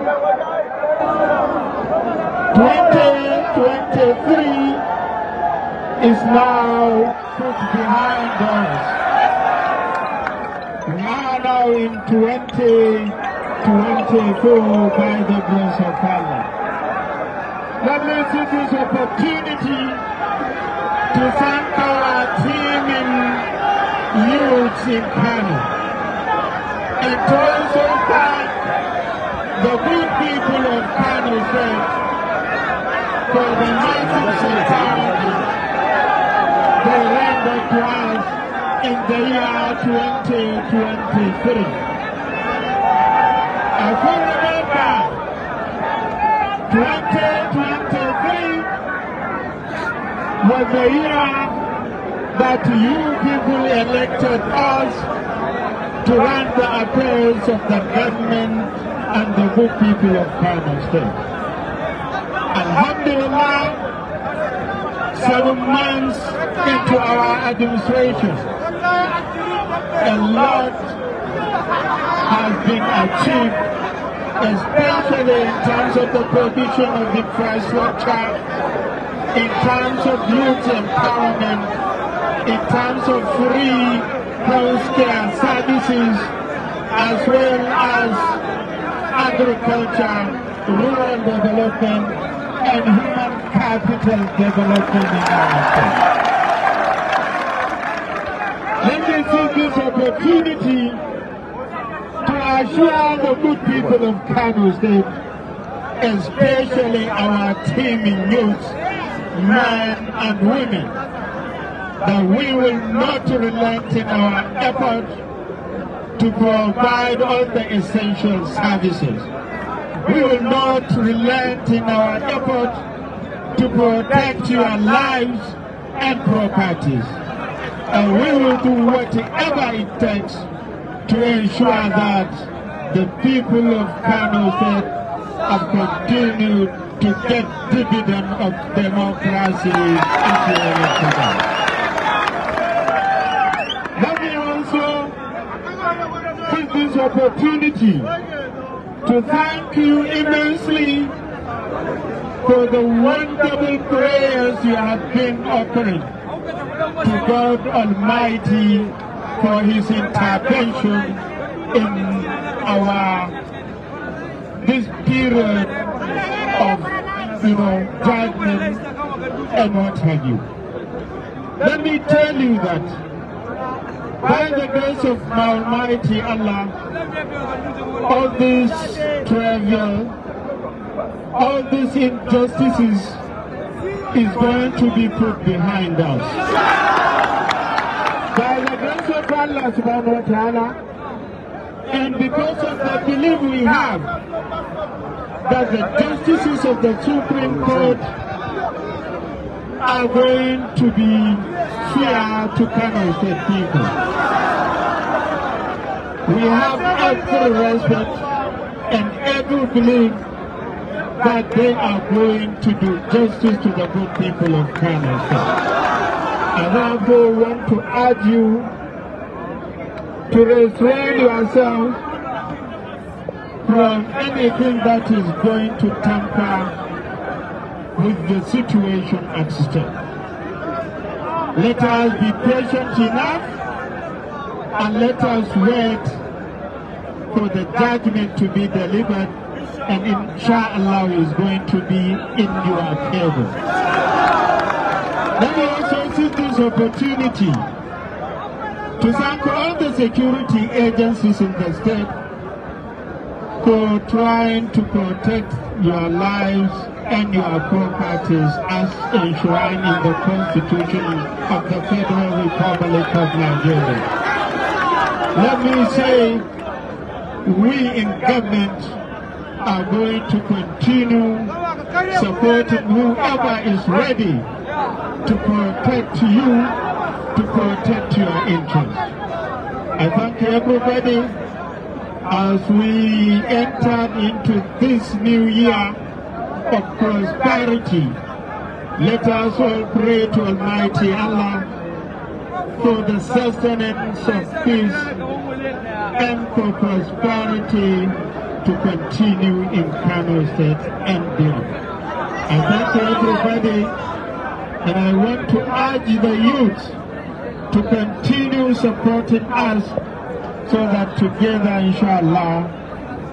2023 is now put behind us. We are now in 2024 by the grace of Allah. Let me take this opportunity to thank our team in youth in Kano. It also thank the good people of Kano said, for the nations of they render to us in the year 2023. I will remember 2023 was the year that you people elected us to run the affairs of the government and the good people of Diamond State. Alhamdulillah, seven months into our administration, a lot has been achieved, especially in terms of the provision of the infrastructure, in terms of youth empowerment, in terms of free healthcare services, as well as agriculture, rural development, and human capital development in our state. Let me take this opportunity to assure the good people of Kano State, especially our in youth, men and women, that we will not relent in our efforts to provide all the essential services. We will not relent in our effort to protect your lives and properties. And we will do whatever it takes to ensure that the people of Kano State have continued to get dividend of democracy into the opportunity to thank you immensely for the wonderful prayers you have been offering to God Almighty for his intervention in our this period of you know judgment and what have you. Let me tell you that by the grace of my Almighty Allah, all this travail, all these injustices is going to be put behind us. By the grace of Allah subhanahu wa ta'ala, and because of the belief we have that the justices of the Supreme Court are going to be fair to Kano people. We have every respect and every belief that they are going to do justice to the good people of Canada. And And therefore want to urge you to restrain yourself from anything that is going to tamper with the situation at stake. Let us be patient enough and let us wait for the judgment to be delivered and inshallah is going to be in your favor. Let me also seize this opportunity to thank all the security agencies in the state trying to protect your lives and your properties as enshrined in the Constitution of the Federal Republic of Nigeria. Let me say, we in government are going to continue supporting whoever is ready to protect you, to protect your interests. I thank everybody as we enter into this new year of prosperity. Let us all pray to Almighty Allah for the sustenance of peace and for prosperity to continue in Kano State and beyond. I thank everybody and I want to urge the youth to continue supporting us so that together, inshallah,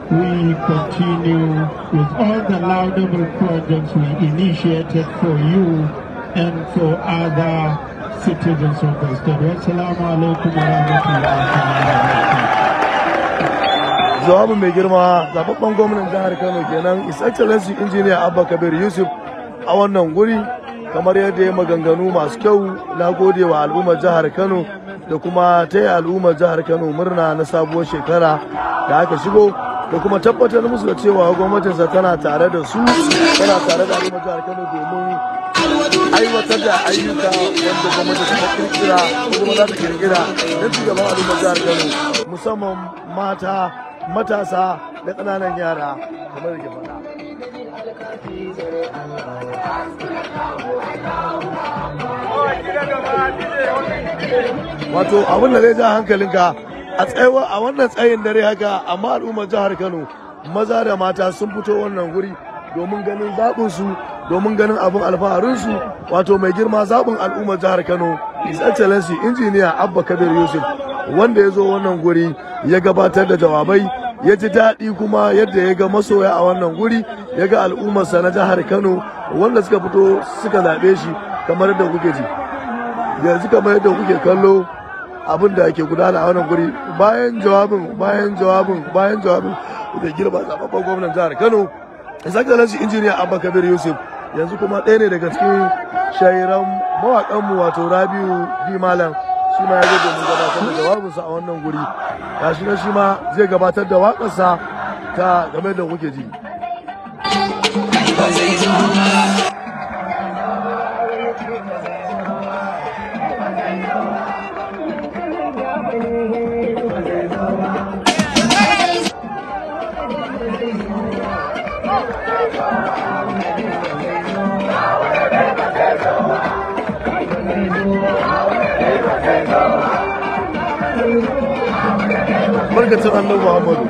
we continue with all the laudable projects we initiated for you and for other citizens of the state. Assalamu alaikum wa rahmatullahi Jawabin mai girma zaɓaɓɓen gwamnan jihar Kano kenan is Excellency Engineer Abba Kabir Yusuf a wannan guri kamar yadda ya maganganu masu kyau na gode wa al'ummar jihar Kano da kuma ta yi al'ummar jihar kano murna na sabuwar shekara da aka shigo da kuma tabbatar musu da cewa gwamnatinsa tana tare da su tana tare da al'ummar jihar kano domin aiwatar da ayyuka wanda gwamnati ta kirkira kuma za ta kirkira don ci gaban al'ummar jihar kano musamman mata matasa da ƙananan yara kamar da faɗa. wato abin da zai ja hankalinka a tsayuwa a wannan tsayin dare haka amma al'ummar jihar kano maza da mata sun fito wannan guri domin ganin zaɓinsu domin ganin abin alfaharinsu wato mai girma zaɓin al'ummar jihar kano his excellency injiniya abba kabir yusuf wanda ya zo wannan guri ya gabatar da jawabai ya ji daɗi kuma yadda ya ga masoya a wannan guri ya ga al'ummarsa na jihar kano wanda suka fito suka zaɓe shi kamar yadda kuke ji yanzu kamar yadda kuke kallo abin da ke gudana a wannan guri bayan jawabin bayan jawabin bayan jawabin da girma zababban gwamnan jihar kano excellency injiniya abba kabir yusuf yanzu kuma ɗaya ne daga cikin shayiran mawaƙanmu wato rabiu bi malam shi ma ya zo domin gabatar da jawabinsa a wannan guri gashi na shi ma zai gabatar da waƙarsa ta game da kuke ji ba zai the ba of Allah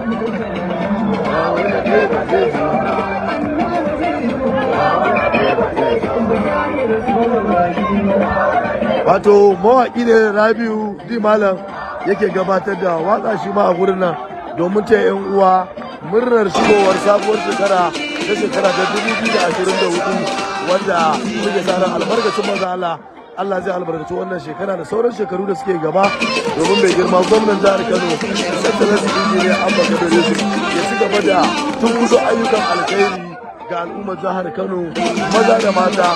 wato mawaƙi ne rabiu di malam yake gabatar da watsa shi ma a gurin nan domin ta yan uwa murnar shigowar sabuwar shekara ta shekara ta dubu biyu da ashirin da hudu wanda muke tsarin albarkacin maza Allah Allah zai albarkaci wannan shekara da sauran shekaru da suke gaba domin bai girma gwamnan jihar Kano tattalin injiniya Abba Kabir Yusuf ya ci gaba da tunkudo ayyukan alkhairi ga al'ummar jihar Kano maza da mata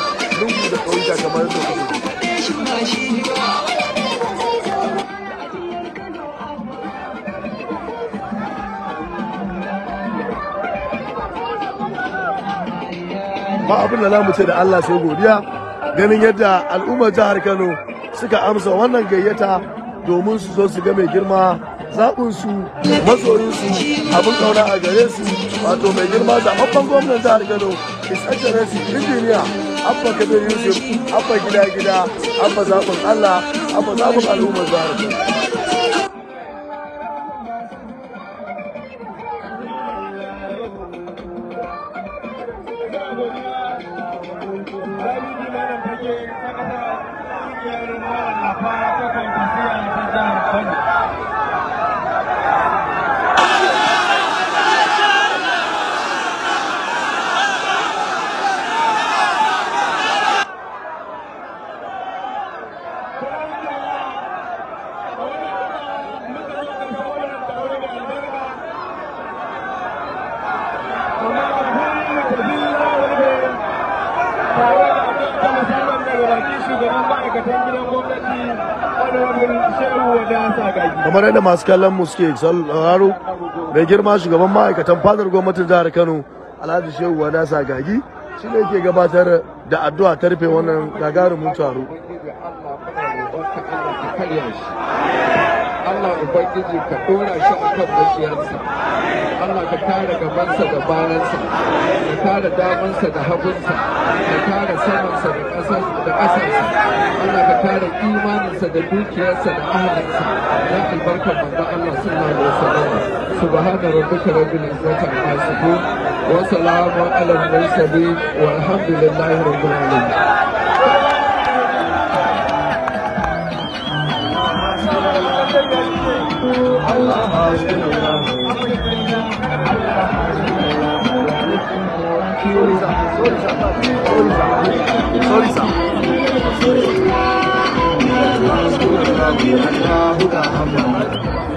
lungu da ta kamar yadda kuke ba abin da ce da Allah sai godiya ganin yadda al'ummar jihar Kano suka amsa wannan gayyata domin su zo su ga mai girma zaɓinsu masoyinsu abin kauna a gare su wato mai girma zaɓaɓɓen gwamnan jihar kano his excellency injiniya abba kabe yusuf abba gida gida abba zaɓin allah abba zaɓin al'ummar jihar Thank you. kamar yadda masu kallon mu suke sauraro mai girma shugaban ma'aikatan fadar gwamnatin jihar kano alhaji shehu wada sagagi shi ne ke gabatar da addu'a ta rufe wannan gagarumin taro Allah Ubangiji ka dora shi a kan bashiyarsa, Allah ka kare gabansa da bayansa, ka kare damansa da hagunsa, ka kare samansa da ƙasarsa. Allah ka kare imaninsa da dukiyarsa da ahalinsa don albarkar manzo Allah sallallahu alaihi wasallam subhana rabbika rabbil izzati amma yasifun wa salamu ala mursalin alhamdulillahi rabbil alamin Allah Sorry, sir. Sorry, sir.